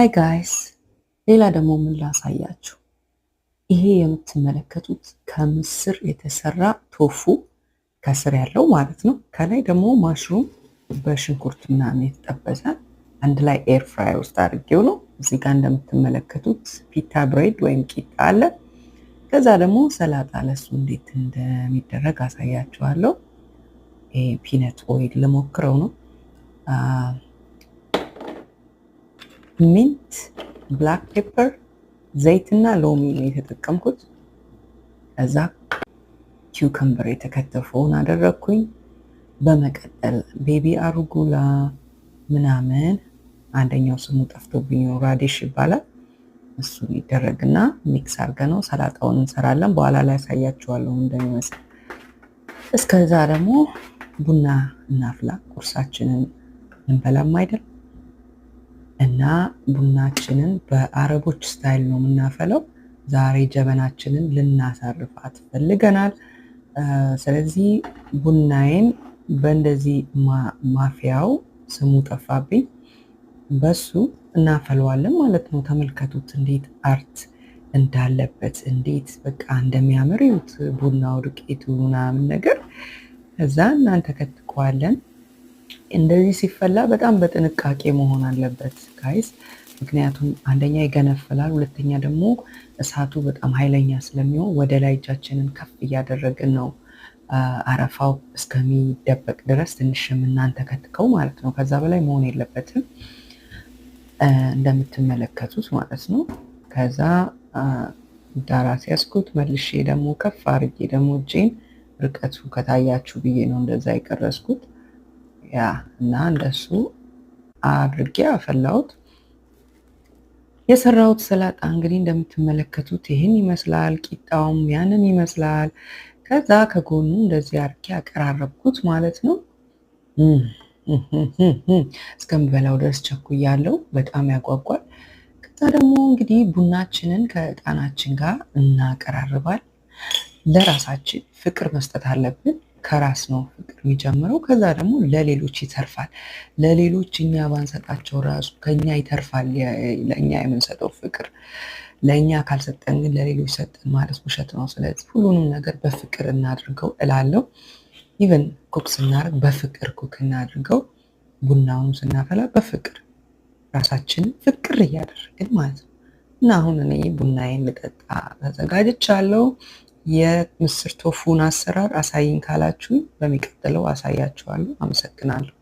ሀይ ጋይስ ሌላ ደግሞ ምን ላሳያችሁ? ይሄ የምትመለከቱት ከምስር የተሰራ ቶፉ ከስር ያለው ማለት ነው። ከላይ ደግሞ ማሽሩም በሽንኩርት ምናምን የተጠበሰ አንድ ላይ ኤር ፍራይ ውስጥ አድርጌው ነው። እዚህ ጋር እንደምትመለከቱት ፒታ ብሬድ ወይም ቂጣ አለ። ከዛ ደግሞ ሰላጣ ለሱ እንዴት እንደሚደረግ አሳያችኋለሁ። ፒነት ኦይል ልሞክረው ነው ሚንት፣ ብላክ ፔፐር፣ ዘይት ሎሚ ነው የተጠቀምኩት። ከዛ ኪውከምበር የተከተፈውን አደረግኩኝ። በመቀጠል ቤቢ አሩጉላ ምናምን አንደኛው ስሙ ጠፍቶብኝ ራዲሽ ይባላል። እሱ ይደረግና ሚክስ አድርገ ነው ሰላጣውን እንሰራለን። በኋላ ላይ ያሳያችኋለሁ እንደሚመስል። እስከዛ ደግሞ ቡና እናፍላ፣ ቁርሳችንን እንበላም አይደል እና ቡናችንን በአረቦች ስታይል ነው የምናፈለው። ዛሬ ጀበናችንን ልናሳርፋት ፈልገናል። ስለዚህ ቡናዬን በእንደዚህ ማፊያው ስሙ ጠፋብኝ፣ በሱ እናፈለዋለን ማለት ነው። ተመልከቱት እንዴት አርት እንዳለበት እንዴት በቃ እንደሚያምር ዩት ቡናው ዱቄቱ ምናምን ነገር እዛ እናንተ ከትቀዋለን እንደዚህ ሲፈላ በጣም በጥንቃቄ መሆን አለበት ጋይስ። ምክንያቱም አንደኛ ይገነፍላል፣ ሁለተኛ ደግሞ እሳቱ በጣም ኃይለኛ ስለሚሆን ወደ ላይ እጃችንን ከፍ እያደረግን ነው አረፋው እስከሚደበቅ ድረስ ትንሽም እናንተ ከትከው ማለት ነው። ከዛ በላይ መሆን የለበትም እንደምትመለከቱት ማለት ነው። ከዛ ዳራ ሲያስኩት መልሼ ደግሞ ከፍ አርጌ ደግሞ እጄን ርቀቱ ከታያችሁ ብዬ ነው እንደዛ የቀረስኩት። ያ እና እንደሱ አድርጌ አፈላሁት። የሰራሁት ሰላጣ እንግዲህ እንደምትመለከቱት ይህን ይመስላል። ቂጣውም ያንን ይመስላል። ከዛ ከጎኑ እንደዚህ አድርጌ አቀራረብኩት ማለት ነው። እስከምበላው ድረስ ቸኩያለሁ። በጣም ያጓጓል። ከዛ ደግሞ እንግዲህ ቡናችንን ከእጣናችን ጋር እናቀራርባል። ለራሳችን ፍቅር መስጠት አለብን። ከራስ ነው ፍቅር የሚጀምረው። ከዛ ደግሞ ለሌሎች ይተርፋል። ለሌሎች እኛ ባንሰጣቸው ራሱ ከኛ ይተርፋል። ለእኛ የምንሰጠው ፍቅር ለእኛ ካልሰጠን ግን ለሌሎች ሰጠን ማለት ውሸት ነው። ስለዚህ ሁሉንም ነገር በፍቅር እናድርገው እላለሁ። ኢቨን ኩክ ስናደርግ በፍቅር ኩክ እናድርገው። ቡናውን ስናፈላ በፍቅር ራሳችንን ፍቅር እያደረግን ማለት ነው እና አሁን እኔ ቡናዬን ልጠጣ ተዘጋጅቻለሁ። የምስር ቶፉን አሰራር አሳይኝ ካላችሁኝ በሚቀጥለው አሳያችኋለሁ። አመሰግናለሁ።